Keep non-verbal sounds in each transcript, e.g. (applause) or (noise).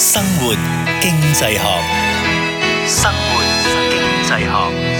生活經濟學。生活經濟學。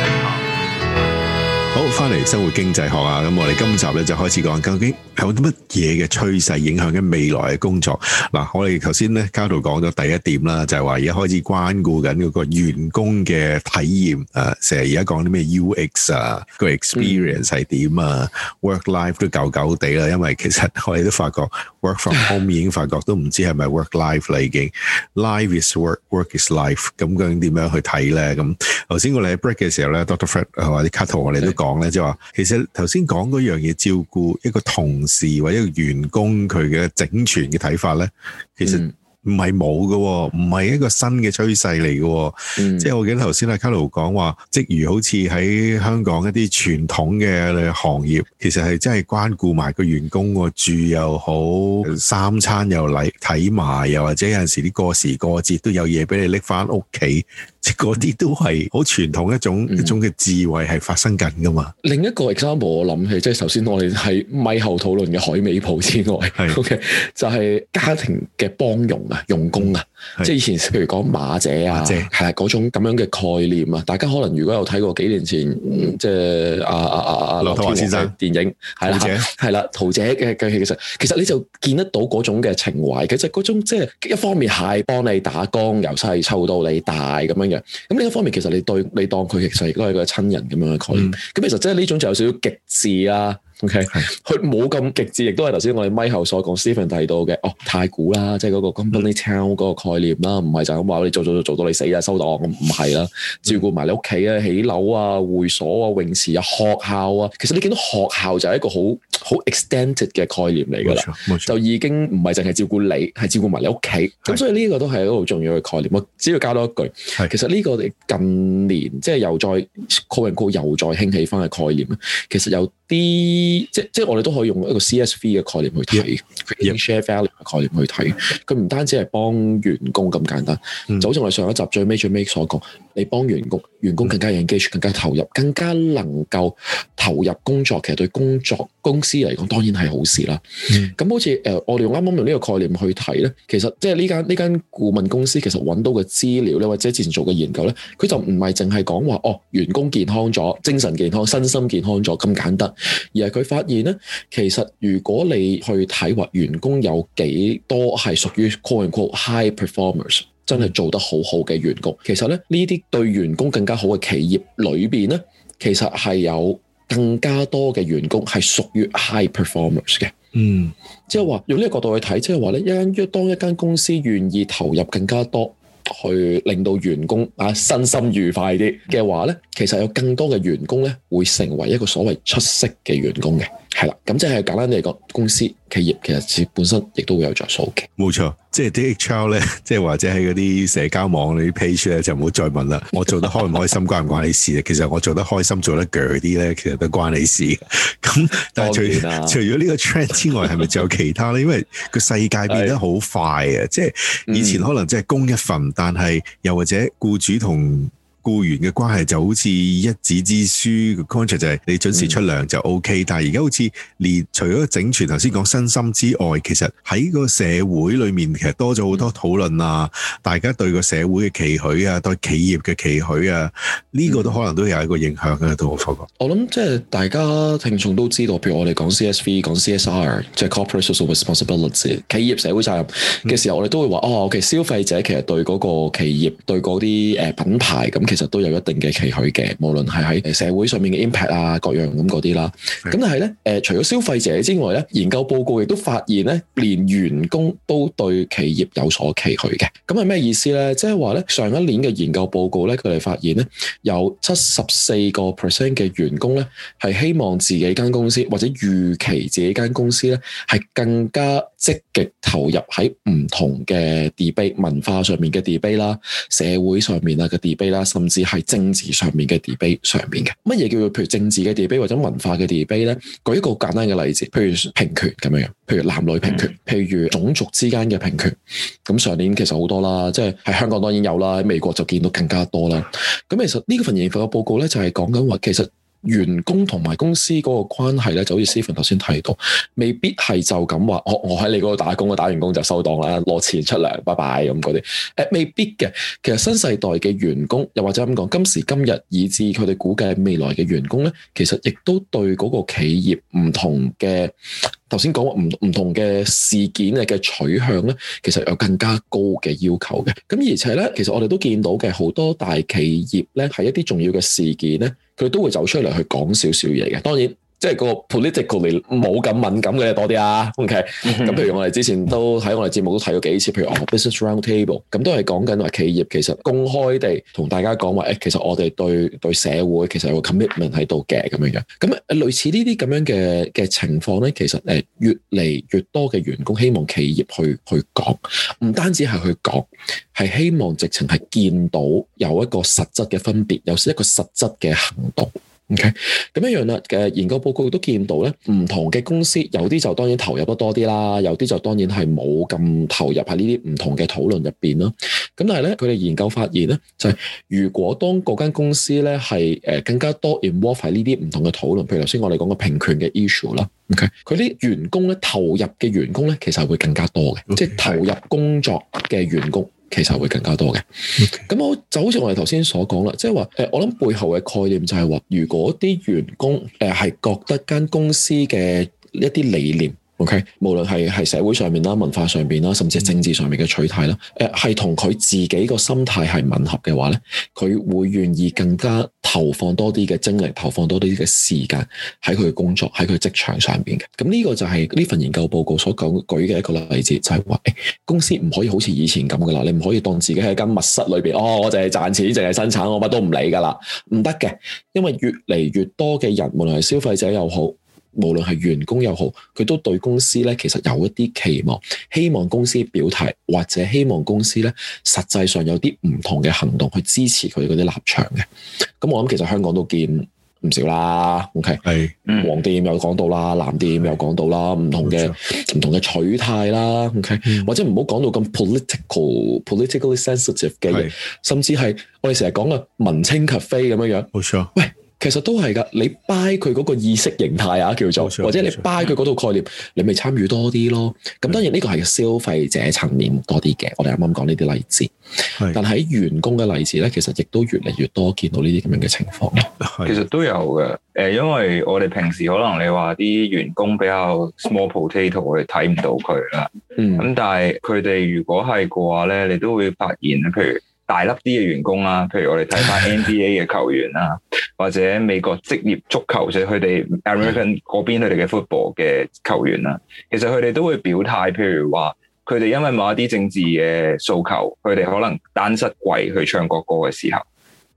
翻嚟生活經濟學啊，咁我哋今集咧就開始講究竟有啲乜嘢嘅趨勢影響緊未來嘅工作。嗱，我哋頭先咧，卡圖講咗第一點啦，就係話而家開始關顧緊嗰個員工嘅體驗。誒、啊，成日而家講啲咩 UX 啊，個 experience 係點啊，work life 都舊舊地啦。因為其實我哋都發覺 work from home (laughs) 已經發覺都唔知係咪 work life 啦，已經 life is work，work work is life。咁究竟點樣去睇咧？咁頭先我哋喺 break 嘅時候咧，Doctor Fred 同埋啲卡圖我哋都講。 (laughs) 咧話，其實頭先講嗰樣嘢，照顧一個同事或者一個員工佢嘅整全嘅睇法呢，其實唔係冇㗎，唔係一個新嘅趨勢嚟嘅。嗯、即係我記得頭先阿 Carlo 講話，即如好似喺香港一啲傳統嘅行業，其實係真係關顧埋個員工，住又好，三餐又嚟，睇埋，又或者有陣時啲過時過節都有嘢俾你拎翻屋企。即嗰啲都係好傳統一種、嗯、一種嘅智慧係發生緊噶嘛？另一個 example 我諗起，即係首先我哋係咪後討論嘅海味鋪之外是，OK，就係家庭嘅幫傭啊、用工啊，嗯、即係以前是譬如講馬姐啊，係嗰姐種咁樣嘅概念啊。大家可能如果有睇過幾年前，嗯、即係阿阿阿阿劉德華先生電影，係啦姐，係啦，桃姐嘅嘅，其實其實你就見得到嗰種嘅情懷，其實嗰種即係、就是、一方面係幫你打工，由細湊到你大咁樣。咁另一方面，其實你對你當佢其實亦都係個親人咁樣嘅概念。咁、嗯、其實即係呢種就有少少極致啊。O.K.，佢冇咁極致，亦都係頭先我哋咪後所講 Stephen 提到嘅，哦，太古啦，即係嗰個 company town 嗰個概念啦，唔係就咁話，你做做做做到你死啊收檔，咁唔係啦，照顧埋你屋企啊、起樓啊、會所啊、泳池啊、學校啊，其實你見到學校就係一個好好 extended 嘅概念嚟㗎啦，就已經唔係淨係照顧你，係照顧埋你屋企，咁的所以呢個都係一個好重要嘅概念。我只要加多一句，的其實呢個近年即係又再 call 的又，又再興起翻嘅概念其實有啲。即即我哋都可以用一個 CSV 嘅概念去睇 create share value 嘅概念去睇，佢唔 Yep. 單止係幫員工咁簡單，嗯、就好似我哋上一集最尾最尾所講。你幫員工員工更加 engage，更加投入，更加能夠投入工作。其實對工作公司嚟講，當然係好事啦。咁、嗯、好似我哋用啱啱用呢個概念去睇咧，其實即係呢間呢間顧問公司其實揾到嘅資料咧，或者之前做嘅研究咧，佢就唔係淨係講話哦，員工健康咗，精神健康、身心健康咗咁簡單，而係佢發現咧，其實如果你去睇話，員工有幾多係屬於 quote unquote high performers？真係做得好好嘅員工，其實咧呢啲對員工更加好嘅企業裏邊呢，其實係有更加多嘅員工係屬於 high performance 嘅。嗯，即係話用呢個角度去睇，即係話呢一間一當一間公司願意投入更加多去令到員工啊身心愉快啲嘅話呢，其實有更多嘅員工呢會成為一個所謂出色嘅員工嘅。係啦，咁即係簡單嚟講，公司企業其實自本身亦都會有著數嘅。冇錯，即、就、係、是、DHL 咧，即係或者喺嗰啲社交網嗰啲 page 咧，就唔好再問啦。我做得開唔開心 (laughs) 關唔關你事啊？其實我做得開心做得強啲咧，其實都關你事。咁但係除、啊、除咗呢個 trend 之外，係咪仲有其他咧？因為個世界變得好快啊！即係的以前可能即係供一份，嗯、但係又或者僱主同。僱員嘅關係就好似一紙之書，乾脆就係、是、你準時出糧就 O K。嗯、但係而家好似連除咗整全頭先講身心之外，其實喺個社會裏面，其實多咗好多討論啊。嗯、大家對個社會嘅期許啊，對企業嘅期許啊，呢、這個都可能都有一個影響啊，嗯、我諗即係大家聽眾都知道，譬如我哋講 C S V、講 C S R，即係 Corporate Social Responsibility，企業社會責任嘅時候，我哋都會話哦，其、okay，實消費者其實對嗰個企業、對嗰啲誒品牌咁其。其實都有一定嘅期許嘅，無論係喺社會上面嘅 impact 啊，各樣咁嗰啲啦。咁的但係咧，誒、呃、除咗消費者之外咧，研究報告亦都發現咧，連員工都對企業有所期許嘅。咁係咩意思咧？即係話咧，上一年嘅研究報告咧，佢哋發現咧，有七十四個 percent 嘅員工咧，係希望自己間公司或者預期自己間公司咧，係更加積極投入喺唔同嘅 debate 文化上面嘅 debate 啦，社會上面啊嘅 debate 啦，甚甚至係政治上面嘅地 e 上面嘅，乜嘢叫做譬如政治嘅地 e 或者文化嘅地 e b a 咧？舉一個簡單嘅例子，譬如平權咁樣樣，譬如男女平權，譬如種族之間嘅平權。咁上年其實好多啦，即係喺香港當然有啦，喺美國就見到更加多啦。咁其實呢份研究嘅報告咧，就係講緊話，其實。員工同埋公司嗰個關係咧，就好似 Stephen 頭先提到，未必係就咁話，我我喺你嗰度打工，我打完工就收檔啦，攞錢出糧，拜拜咁嗰啲，誒未必嘅。其實新世代嘅員工，又或者咁講，今時今日以至佢哋估計未來嘅員工咧，其實亦都對嗰個企業唔同嘅。頭先講話唔唔同嘅事件嘅嘅取向咧，其實有更加高嘅要求嘅。咁而且咧，其實我哋都見到嘅好多大企業咧，係一啲重要嘅事件咧，佢都會走出嚟去講少少嘢嘅。當然。即係個 political 嚟冇咁敏感嘅多啲啊，OK？咁 (laughs) 譬如我哋之前都喺我哋節目都睇過幾次，譬如、oh, Business Roundtable，咁都係講緊話企業其實公開地同大家講話、欸，其實我哋對對社會其實有個 commitment 喺度嘅咁樣嘅。咁類似呢啲咁樣嘅嘅情況咧，其實越嚟越多嘅員工希望企業去去講，唔單止係去講，係希望直情係見到有一個實質嘅分別，有是一個實質嘅行動。OK，咁一樣啦。嘅研究報告都見到咧，唔同嘅公司有啲就當然投入得多啲啦，有啲就當然係冇咁投入喺呢啲唔同嘅討論入邊啦。咁但係咧，佢哋研究發現咧，就係如果當嗰間公司咧係誒更加多 involve 喺呢啲唔同嘅討論，譬如頭先我哋講嘅平權嘅 issue 啦，OK，佢啲員工咧，投入嘅員工咧，其實會更加多嘅，Okay. 即係投入工作嘅員工。其實會更加多嘅，咁 Okay. 就好似我哋頭先所講啦，即係話，我諗背後嘅概念就係話，如果啲員工誒係覺得間公司嘅一啲理念。OK，無論係社會上面啦、文化上面啦，甚至政治上面嘅取態啦，誒係同佢自己個心態係吻合嘅話咧，佢會願意更加投放多啲嘅精力，投放多啲嘅時間喺佢嘅工作，喺佢職場上面嘅。咁呢個就係呢份研究報告所舉嘅一個例子，就係話，欸，公司唔可以好似以前咁噶啦，你唔可以當自己喺間密室裏面，哦，我淨係賺錢，淨係生產，我乜都唔理噶啦，唔得嘅，因為越嚟越多嘅人，無論係消費者又好。無論係員工又好，佢都對公司咧其實有一啲期望，希望公司表態，或者希望公司咧實際上有啲唔同嘅行動去支持佢嗰啲立場嘅。咁 Okay. 我諗其實香港都見唔少啦。OK，係 Hey. 黃店有講到啦，藍店有講 Hey. 到啦，唔同嘅唔 Hey. 同嘅取態啦。OK，Hey. 或者唔好講到咁 political polit、politically sensitive 嘅嘢，甚至係我哋成日講嘅文青 cafe 咁樣樣。冇錯 Hey. 喂。其實都係㗎，你掰佢嗰個意識形態啊，叫做，或者你掰佢嗰套概念，你咪參與多啲咯。咁當然呢個係消費者層面多啲嘅，我哋啱啱講呢啲例子。但喺員工嘅例子呢，其實亦都越嚟越多見到呢啲咁樣嘅情況。其實都有嘅，誒，因為我哋平時可能你話啲員工比較 small potato，我哋睇唔到佢啦。咁但係佢哋如果係嘅話呢，你都會發現譬如。大粒啲嘅員工啦，譬如我哋睇翻 NBA 嘅球員啦， (laughs) 或者美國職業足球，即係佢哋 American 嗰邊佢哋嘅 football 嘅球員啦，其實佢哋都會表態，譬如話佢哋因為某一啲政治嘅訴求，佢哋可能單膝跪去唱國歌嘅時候，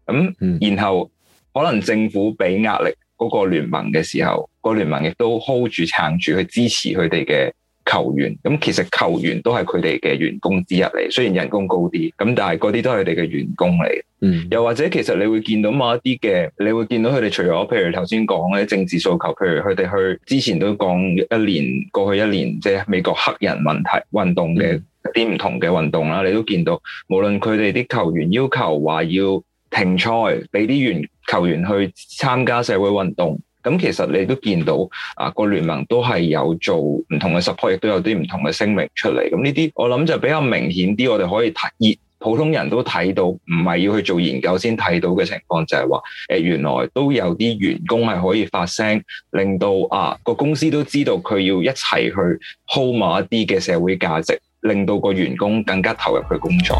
咁然後可能政府俾壓力嗰個聯盟嘅時候，個聯盟亦都 hold 住撐住去支持佢哋嘅。球員咁，其實球員都係佢哋嘅員工之一嚟，雖然人工高啲，咁但係嗰啲都係佢哋嘅員工嚟。嗯，又或者其實你會見到某一啲嘅，你會見到佢哋除咗譬如頭先講嗰啲政治訴求，譬如佢哋去之前都講一年過去一年，即係美國黑人問題運動嘅一啲唔同嘅運動啦，你都見到，無論佢哋啲球員要求話要停賽，俾啲員球員去參加社會運動。咁其實你都見到啊，個聯盟都係有做唔同嘅 support，亦都有啲唔同嘅聲明出嚟。咁呢啲我諗就比較明顯啲，我哋可以睇，而普通人都睇到，唔係要去做研究先睇到嘅情況就係話，誒原來都有啲員工係可以發聲，令到啊個公司都知道佢要一齊去 hold 某一啲嘅社會價值，令到個員工更加投入佢工作。